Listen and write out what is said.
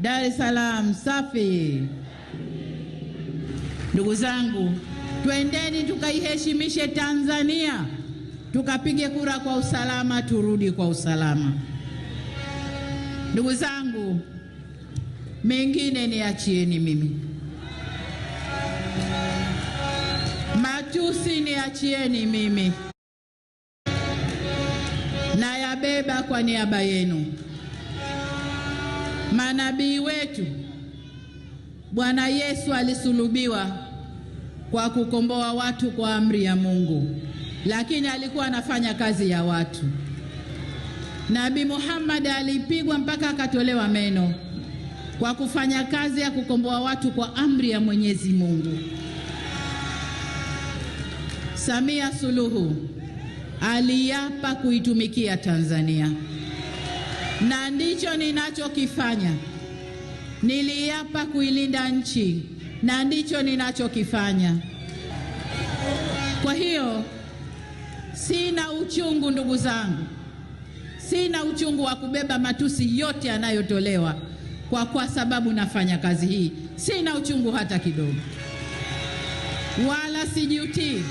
Dar es Salaam safi! Ndugu zangu, twendeni tukaiheshimishe Tanzania, tukapige kura kwa usalama, turudi kwa usalama. Ndugu zangu, mengine niachieni mimi, matusi niachieni mimi, nayabeba kwa niaba yenu. Manabii wetu Bwana Yesu alisulubiwa kwa kukomboa watu kwa amri ya Mungu, lakini alikuwa anafanya kazi ya watu. Nabii Muhammad alipigwa mpaka akatolewa meno kwa kufanya kazi ya kukomboa watu kwa amri ya Mwenyezi Mungu. Samia Suluhu aliapa kuitumikia Tanzania na ndicho ninachokifanya. Niliapa kuilinda nchi na ndicho ninachokifanya. Kwa hiyo sina uchungu, ndugu zangu, sina uchungu wa kubeba matusi yote yanayotolewa kwa, kwa sababu nafanya kazi hii. Sina uchungu hata kidogo, wala sijutii.